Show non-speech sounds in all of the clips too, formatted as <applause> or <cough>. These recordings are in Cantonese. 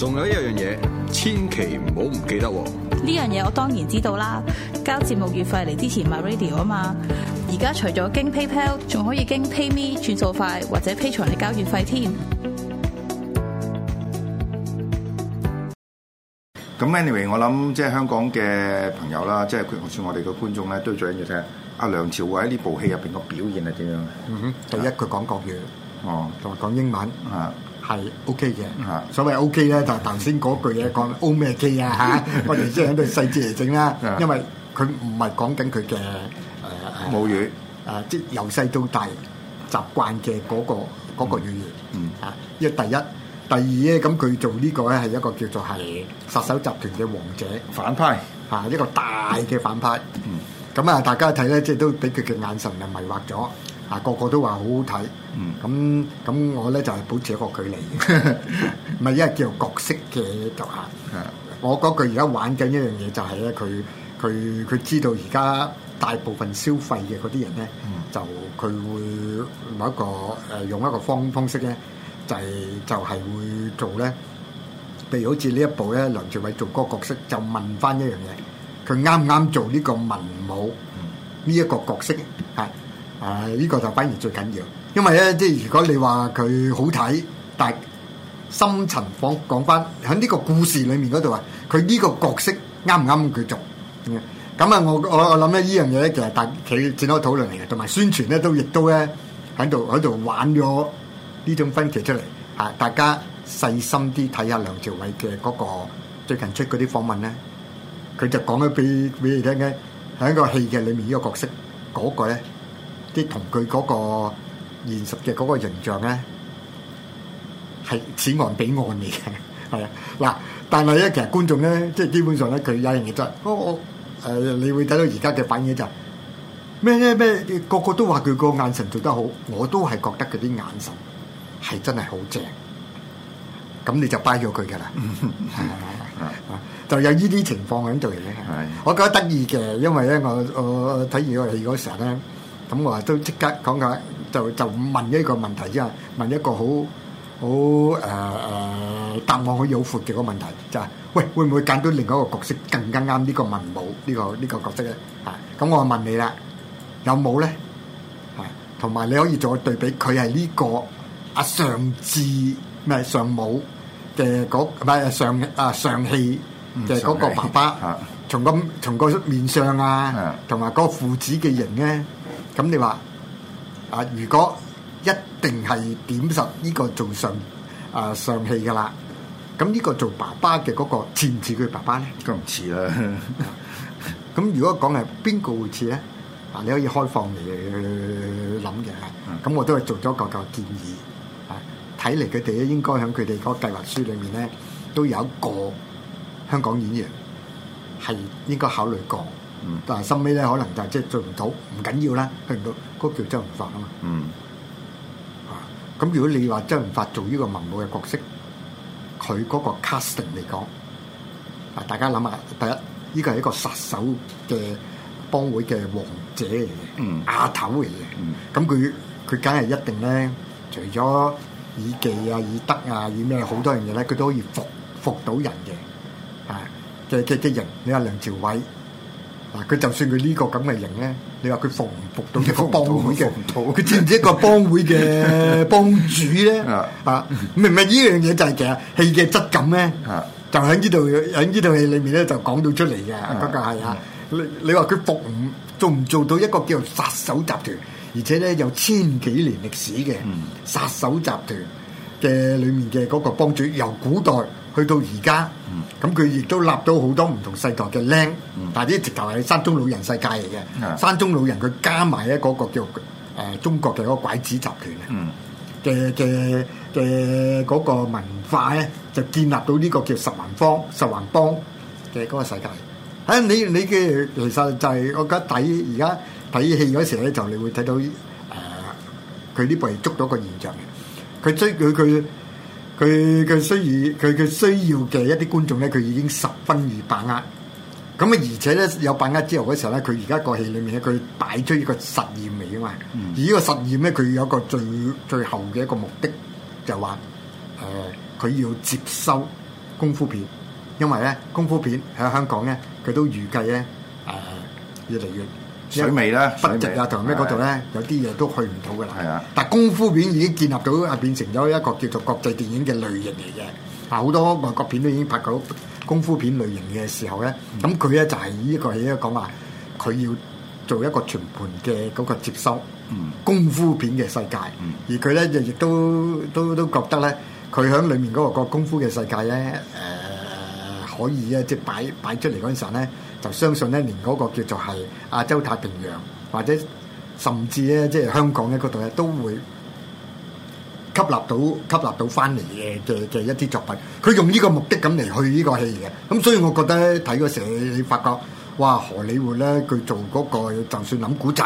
仲有一樣嘢，千祈唔好唔記得喎！呢樣嘢我當然知道啦，交節目月費嚟支持 MyRadio 啊嘛！而家除咗經 PayPal，仲可以經 PayMe 轉數快，或者 Patreon 嚟交月費添。咁 anyway，我諗即係香港嘅朋友啦，即係好似我哋嘅觀眾咧，都最緊要睇阿梁朝偉呢部戲入邊嘅表現係點樣？嗯哼，第一佢講國語，哦，同埋講英文，嚇、嗯。係 O K 嘅，OK 啊、所謂 O K 咧，就係頭先嗰句嘢講 O 咩 K 啊嚇，我哋即係喺度細節嚟整啦，因為佢唔係講緊佢嘅誒母語，誒、啊、即係由細到大習慣嘅嗰個嗰個語言，嗯啊，因為第一、第二咧，咁佢做呢個咧係一個叫做係殺手集團嘅王者反派嚇、啊，一個大嘅反派，嗯，咁啊，大家睇咧即係都俾佢嘅眼神啊迷惑咗。啊！個個都話好好睇，咁咁我咧就係保持一個距離，唔係因為叫做角色嘅局限。我覺得佢而家玩緊一樣嘢就係咧，佢佢佢知道而家大部分消費嘅嗰啲人咧，就佢會某一個誒用一個方方式咧，就係就係會做咧。譬如好似呢一部咧，梁朝偉做嗰個角色，就問翻一樣嘢，佢啱唔啱做呢個文武呢一個角色啊？啊！呢個就反而最緊要，因為咧，即係如果你話佢好睇，但係深層講講翻喺呢個故事裏面嗰度啊，佢呢個角色啱唔啱佢做咁啊？我我我諗咧，呢樣嘢咧就係大企展開討論嚟嘅，同埋宣傳咧都亦都咧喺度喺度玩咗呢種分歧出嚟啊！大家細心啲睇下梁朝偉嘅嗰個最近出嗰啲訪問咧，佢就講咗俾俾你聽嘅喺個戲劇裏面呢個角色嗰個咧。啲同佢嗰個現實嘅嗰個形象咧，係此岸彼岸嚟嘅，係啊嗱，但係咧其實觀眾咧，即係基本上咧，佢有樣嘢就係，我我誒、呃，你會睇到而家嘅反應就咩咩咩，個個都話佢個眼神做得好，我都係覺得佢啲眼神係真係好正，咁你就 buy 咗佢噶啦，就有呢啲情況喺度嘅，的我覺得得意嘅，因為咧我我睇完個戲嗰時候咧。咁我話都即刻講解，就就問一個問題啫，問一個好好誒誒答案好廣闊嘅個問題，就係、是、喂會唔會揀到另一個角色更加啱呢個文武呢、這個呢、這個角色咧？啊，咁我問你啦，有冇咧？啊，同埋你可以做對比，佢係呢個阿尚、啊、志咩尚武嘅嗰唔係尚啊尚、啊、氣嘅嗰個爸爸，氣從、那個、啊、從個面相啊，同埋、啊、個父子嘅形咧。咁你話啊？如果一定係點實呢個做上啊上戲嘅啦，咁呢個做爸爸嘅嗰個似唔似佢爸爸咧？都唔似啦。咁 <laughs> <laughs> 如果講係邊個會似咧？嗱，你可以開放嚟諗嘅。咁我都係做咗個個建議。啊，睇嚟佢哋咧應該喺佢哋嗰計劃書裡面咧，都有一個香港演員係應該考慮過。嗯，但係收尾咧，可能就即係做唔到，唔緊要啦。佢唔到，嗰個叫周潤發啊嘛。嗯。啊，咁如果你話周潤發做呢個文武嘅角色，佢嗰個 casting 嚟講，啊，大家諗下，第一呢個係一個殺手嘅幫會嘅王者嚟嘅，嗯，亞頭嚟嘅，嗯，咁佢佢梗係一定咧，除咗以技啊、以德啊、以咩好多樣嘢咧，佢都可以服服到人嘅，啊，嘅嘅嘅人，你話梁朝偉。嗱，佢就算佢呢個咁嘅型咧，你話佢服唔服到一個幫會嘅？服唔到，佢知唔知一個幫會嘅幫主咧？啊，明唔明呢樣嘢就係其實戲嘅質感咧？啊，就喺呢度喺呢套戲裏面咧就講到出嚟嘅，不過係啊！你你話佢服唔做唔做到一個叫殺手集團，而且咧有千幾年歷史嘅殺手集團嘅裏面嘅嗰個幫主，由古代。去到而家，咁佢、嗯、亦都立到好多唔同世代嘅僆，嗯、但係呢直頭係山中老人世界嚟嘅。嗯、山中老人佢加埋咧嗰個叫誒、呃、中國嘅嗰個拐子集團嘅嘅嘅嗰個文化咧，就建立到呢個叫十萬方十萬幫嘅嗰個世界。啊，你你嘅其實就係我覺得睇而家睇戲嗰時咧，就你會睇到誒佢呢部捉到個現象嘅，佢追佢佢。佢嘅需要佢佢需要嘅一啲觀眾咧，佢已經十分易把握。咁啊，而且咧有把握之後嗰時候咧，佢而家個戲裏面咧，佢擺出一個實驗嚟啊嘛。嗯、而呢個實驗咧，佢有一個最最後嘅一個目的，就話、是、誒，佢、呃、要接收功夫片，因為咧功夫片喺香港咧，佢都預計咧誒越嚟越。水味啦，筆直啊，同咩嗰度咧，有啲嘢都去唔到嘅啦。係啊。但功夫片已經建立到啊，變成咗一個叫做國際電影嘅類型嚟嘅。啊，好多外國片都已經拍到功夫片類型嘅時候咧，咁佢咧就係呢、呢個戲咧講話，佢、嗯、要做一個全盤嘅嗰個接收功夫片嘅世界。嗯、而佢咧就亦都都都覺得咧，佢喺裡面嗰個個功夫嘅世界咧，誒、呃、可以啊，即、就、係、係、擺擺出嚟嗰陣咧。就相信咧，連個叫做係亞洲太平洋，或者甚至咧，即係香港咧度咧，都會吸納到吸納到翻嚟嘅嘅嘅一啲作品。佢用呢個目的咁嚟去呢個戲嘅。咁所以我覺得睇個時你你發覺，哇荷里活咧，佢做、嗰個就算諗古仔，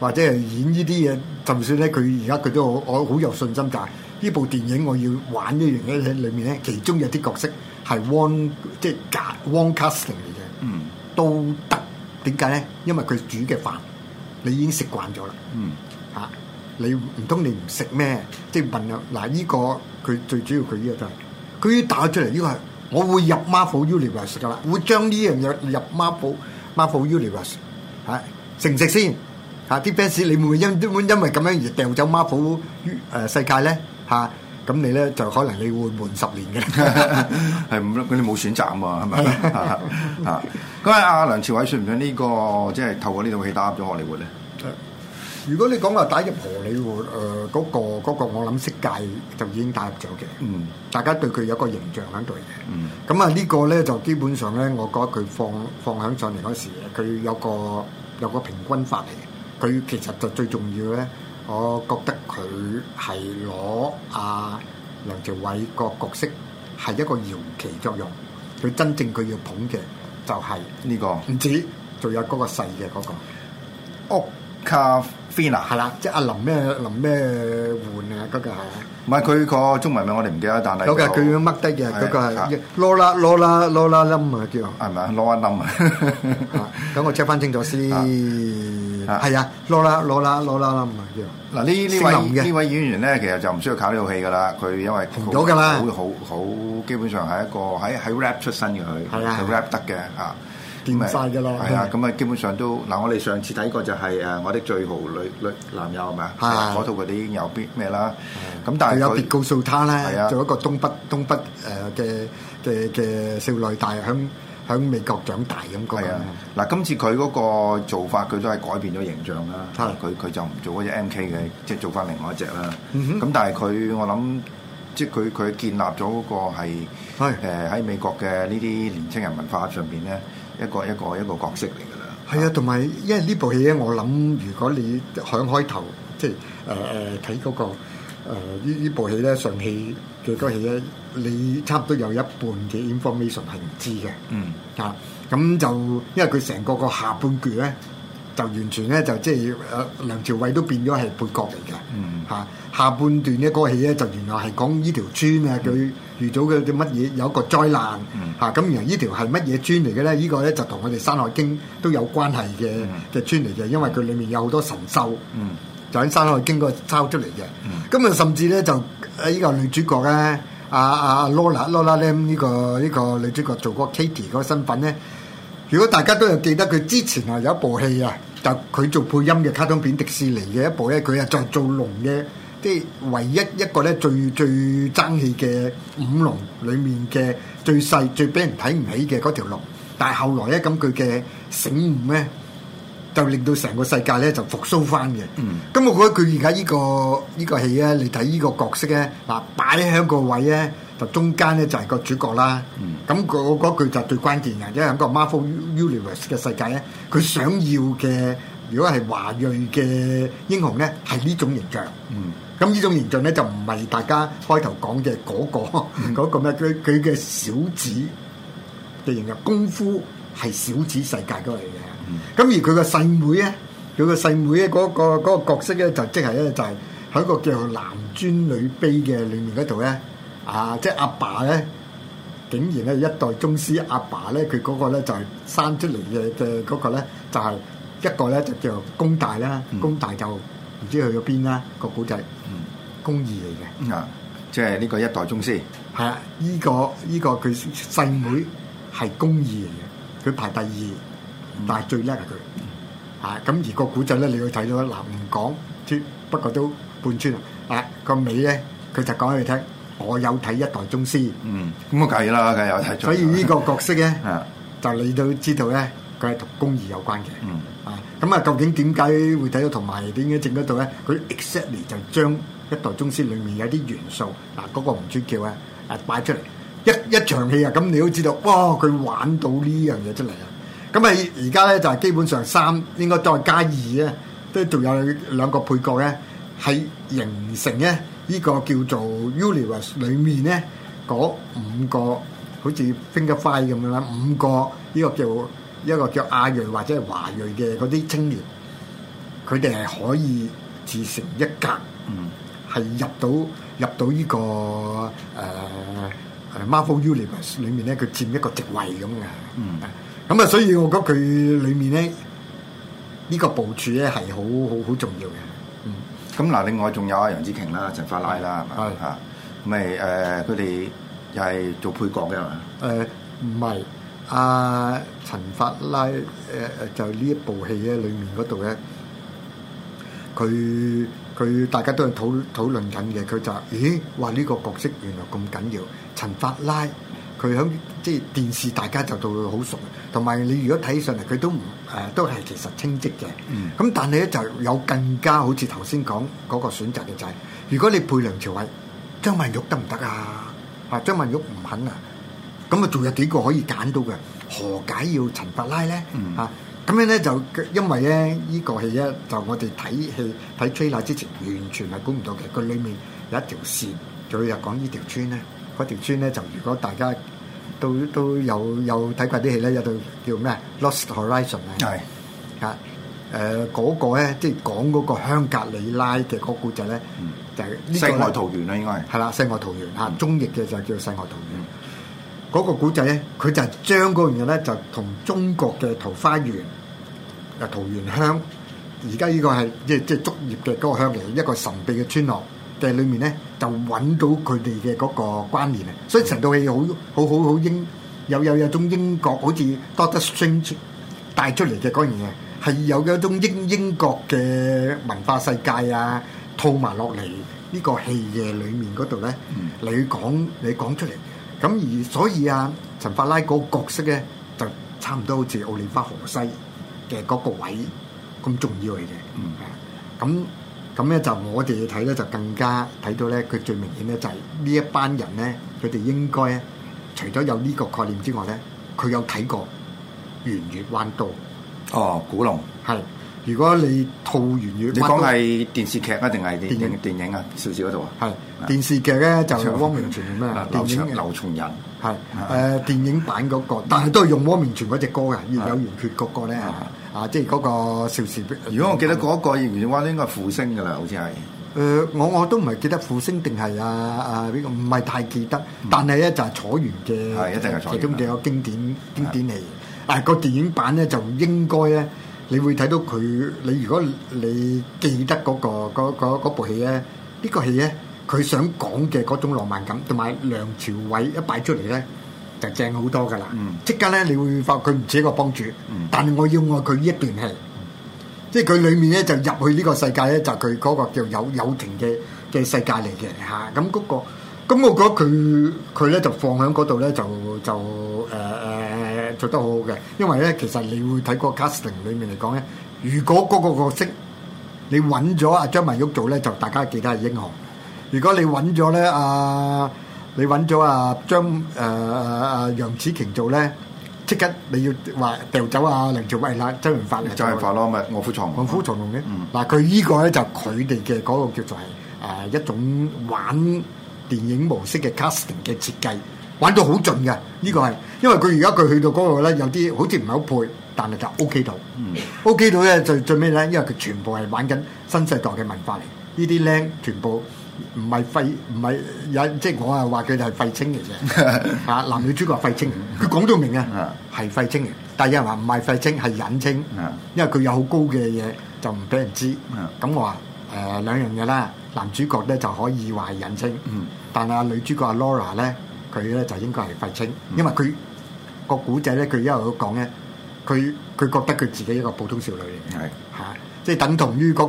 或者係演呢啲嘢，就算咧佢而家佢都我好有信心，就係呢部電影我要玩一樣嘢咧裡面咧，其中有啲角色係 one 即係 one casting。都得，點解咧？因為佢煮嘅飯，你已經食慣咗啦。嗯，嚇、啊、你唔通你唔食咩？即係問啊！嗱，呢、這個佢最主要佢呢、這個就係，佢要打出嚟呢、這個，我會入 Marvel Universe 食噶啦，會將呢樣嘢入 Marvel Marvel Universe 食唔食先？嚇啲 fans 你會唔會因因因為咁樣而掉走 Marvel 誒、呃、世界咧？嚇、啊！咁你咧就可能你會悶十年嘅，係咁你冇選擇啊嘛，係咪？啊，咁啊，阿梁朝偉算唔算呢、呢個，即係透過呢套戲打入咗荷里活咧。如果你講話打入荷里活，誒、嗰、嗰、個嗰個我諗色戒就已經打入咗嘅。嗯，大家對佢有個形象喺度嘅。嗯，咁啊呢個咧就基本上咧，我覺得佢放放響上嚟嗰時，佢有個有個平均法嚟嘅。佢其實就最重要咧。我覺得佢係攞阿梁朝偉個角色係一個搖旗作用，佢真正佢要捧嘅就係、是、呢、呢個，唔止，仲有嗰個細嘅嗰個屋卡菲娜，係啦，即係阿林咩林咩換啊嗰、那個，唔係佢個中文名我哋唔記得，但係，有嘅佢要乜得嘅，嗰個係攞啦攞啦攞啦冧啊叫的，係咪啊攞啊冧啊，等 <laughs> 我 check 翻清楚先。啊，係啊，攞啦，攞啦，攞啦啦，唔係嗱呢呢位呢位演員咧，其實就唔需要靠呢套戲噶啦，佢因為好好好基本上係一個喺喺 rap 出身嘅佢，佢 rap 得嘅嚇。掂晒噶啦，係啊，咁啊基本上都嗱，我哋上次睇過就係誒我的最豪女女男友係咪啊？係嗰套嗰啲已經有邊咩啦？咁但係有別告訴她咧，做一個東北東北誒嘅嘅嘅少女大鄉。喺美國長大咁樣，係啊的！嗱、那個，今次佢嗰個做法，佢都係改變咗形象啦。佢佢的就唔做嗰隻 MK 嘅，即係做翻另外一隻啦。咁、嗯、哼但係佢，我諗即係佢佢建立咗嗰個係喺的、呃、美國嘅呢啲年輕人文化上邊咧，一個一個一個角色嚟㗎啦。係啊的，同埋因為呢部戲咧，我諗如果你響開頭即係誒誒睇嗰個。誒、呃、呢戲戲呢部戲咧上戲嘅嗰戲咧，嗯、你差唔多有一半嘅 information 係唔知嘅。嗯。嚇、啊，咁就因為佢成個個下半段咧，就完全咧就即係梁朝偉都變咗係配角嚟嘅。嗯嗯、啊。下半段戲呢嗰戲咧，就原來係講呢條村啊，佢遇到嘅啲乜嘢，有一個災難。嗯。嚇、啊，咁原來呢條係乜嘢村嚟嘅咧？這個、呢個咧就同我哋《山海經》都有關係嘅嘅村嚟嘅，因為佢裡面有好多神獸。嗯。嗯嗯嗯喺山海經過抄出嚟嘅，咁啊、嗯、甚至咧就呢、這個女主角咧、啊，阿、啊、阿阿、啊、Lola Lola 呢、這個呢、這個女主角做嗰 Katy 嗰身份咧，如果大家都有記得佢之前啊有一部戲啊，就佢做配音嘅卡通片迪士尼嘅一部咧、啊，佢啊就做龍嘅，即係唯一一個咧最最，最爭氣嘅五龍裡面嘅最細最俾人睇唔起嘅嗰條龍，但係後來咧咁佢嘅醒悟咧。就令到成個世界咧就復甦翻嘅。咁、嗯、我覺得佢而家呢個依個戲咧，你睇呢個角色咧，嗱擺喺個位咧，中間呢就中間咧就係個主角啦。咁、嗯、我覺得佢就最關鍵嘅，因為喺個 Marvel Universe 嘅世界咧，佢想要嘅如果係華裔嘅英雄咧，係呢種形象。咁呢、嗯、種形象咧就唔係大家開頭講嘅嗰個嗰、嗯、 <laughs> 個咩？佢佢嘅小子嘅形嘅功夫。係小子世界嗰嚟嘅，咁而佢個細妹咧，佢個細妹咧嗰個嗰個角色咧，就即係咧就係喺一個叫做男尊女卑嘅裡面嗰度咧，啊即係阿爸咧，竟然咧一代宗師阿爸咧，佢嗰個咧就係生出嚟嘅嘅嗰個咧，就係一個咧就叫做宮大啦，嗯、宮大就唔知去咗邊啦個古仔，嗯、宮二嚟嘅，即係呢個一代宗師，係啊，依個依個佢細妹係宮二嚟嘅。佢排第二，但係最叻係佢，啊！咁而個古仔咧，你去睇到啦。嗱，唔講穿，不過都半穿啦。啊，個尾咧，佢就講俾你聽。我有睇一代宗師，嗯，咁啊，梗係啦，梗有睇。所以呢個角色咧，就你都知道咧，佢係同宮二有關嘅。啊，咁啊，究竟點解會睇到同埋點解整嗰度咧？佢 exactly 就將一代宗師裡面有啲元素，嗱，嗰個吳尊叫咧，啊，擺出嚟。一一場戲啊！咁你都知道，哇！佢玩到呢樣嘢出嚟啊！咁啊，而家咧就係基本上三應該再加二咧，都仲有兩個配角咧，係形成咧呢個叫做 Universe 裡面咧嗰五個，好似 Finger Five 咁樣啦，五個呢個叫一個叫亞裔或者係華裔嘅嗰啲青年，佢哋係可以自成一格，嗯，係入到入到呢、這個誒。呃 Marvel Universe 裏面咧，佢佔一個席位咁嘅。嗯，咁啊，所以我覺得佢裏面咧，呢個部署咧係好好好重要嘅。嗯，咁嗱，另外仲有啊，楊紫瓊啦，陳法拉啦，係咪？係啊，咁咪誒，佢哋又係做配角嘅，係嘛？誒唔係，阿陳法拉誒誒，就呢一部戲咧，裏面嗰度咧，佢佢大家都係討討論緊嘅。佢就咦話呢個角色原來咁緊要。陳法拉佢響即係電視，大家就對佢好熟。同埋你如果睇上嚟，佢都誒、呃、都係其實清晰嘅。咁、嗯、但係咧就有更加好似頭先講嗰個選擇嘅就係、是，如果你配梁朝偉、張曼玉得唔得啊？啊張曼玉唔肯啊，咁啊仲有幾個可以揀到嘅？何解要陳法拉咧？嚇咁、嗯啊、樣咧就因為咧依、這個戲咧就我哋睇戲睇吹奶之前完全係估唔到嘅。佢裡面有一條線，仲要講條呢條村咧。嗰條村咧就，如果大家都都有有睇過啲戲咧，有套叫咩《Lost Horizon》啊，啊，誒嗰個咧即係講嗰個香格里拉嘅嗰個故仔咧，就係《世外桃源》啦，應該係係啦，《世外桃源》嚇，中譯嘅就叫《世外桃源》。嗰個故仔咧，佢就係將嗰樣嘢咧，就同中國嘅桃花源、啊桃源鄉，而家依個係即係即係竹葉嘅嗰個鄉嚟，一個神秘嘅村落。嘅裏面咧，就揾到佢哋嘅嗰個關聯啊！所以成套戲好，好，好，好英，有有有種英國好似 Doctor Strange 帶出嚟嘅嗰樣嘢，係有一種英國有一種英，英國嘅文化世界啊，套埋落嚟呢個戲嘅裏面嗰度咧，你講你講出嚟。咁而所以啊，陳法拉嗰個角色咧，就差唔多好似奧利巴河西嘅嗰個位咁重要嚟嘅。嗯，咁、嗯。咁咧、嗯、就我哋睇咧就更加睇到咧，佢最明顯咧就係、是、呢一班人咧，佢哋應該除咗有呢個概念之外咧，佢有睇過《圓月彎刀》哦，古龍系。如果你套《圓月》，你講係電視劇啊定係電電影，電影啊？少少嗰度啊？係電視劇咧、啊、就汪《汪明荃》咩？《劉松劉松仁》係誒、呃、電影版嗰、那個，但係都係用汪明荃嗰隻歌嘅，有《圓缺》嗰個咧。啊！即係嗰個邵氏。如果我記得嗰、嗰個袁袁灣咧，嗯、應該係傅聲㗎啦，好似係。誒、呃，我我都唔係記得傅聲定係啊啊邊個？唔係太記得。但係咧就係楚原嘅、嗯嗯，一定係楚原其中嘅有個經典、啊、經典嚟。是的 啊，嗰個電影版咧就應該咧，你會睇到佢。你如果你記得嗰、嗰個嗰部戲咧，呢、呢個戲咧，佢想講嘅嗰種浪漫感，同埋梁朝偉一擺出嚟咧。正好多噶啦，即、嗯、刻咧你會發佢唔似一個幫主，嗯、但係我要愛佢呢一段戲，嗯、即係佢裏面咧就入去呢個世界咧就佢嗰個叫有友情嘅嘅世界嚟嘅吓，咁、啊、嗰、那個咁、啊、我覺得佢佢咧就放喺嗰度咧就就誒、呃啊、做得好好嘅，因為咧其實你會睇個 casting 裏面嚟講咧，如果嗰個角色你揾咗阿張文玉做咧，就大家記得係英雄；如果你揾咗咧阿。呃你揾咗阿張誒誒楊紫瓊做咧，即刻你要話掉走阿梁朝偉啦，周潤發咧。周潤發咯，咪臥虎藏龍臥虎藏龍嘅。嗱，佢依個咧就佢哋嘅嗰個叫做係誒一種玩電影模式嘅 casting 嘅設計，玩到好盡嘅。呢個係因為佢而家佢去到嗰度咧，有啲好似唔係好配，但係就 O K 到。O K 到咧，就最尾咧，因為佢全部係玩緊新世代嘅文化嚟，呢啲僆全部。唔係廢唔係隱，即係我啊話佢哋係廢青嚟嘅。吓， <laughs> 男女主角廢青，佢講到明啊，係廢 <laughs> 青。但係有人話唔係廢青，係隱青，因為佢有好高嘅嘢，就唔俾人知。咁我話誒兩樣嘢啦，男主角咧就可以話隱青，但係女主角阿 Laura 咧，佢咧就應該係廢青，因為佢個古仔咧，佢一路講咧，佢佢覺得佢自己一個普通少女，係吓。即係等同於嗰、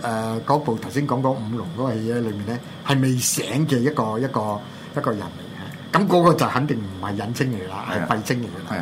誒嗰部頭先講嗰五龍嗰個戲咧，裏面咧，係未醒嘅一個一個一個人嚟嘅，咁嗰個就肯定唔係隱精嚟啦，係閉精嚟嘅。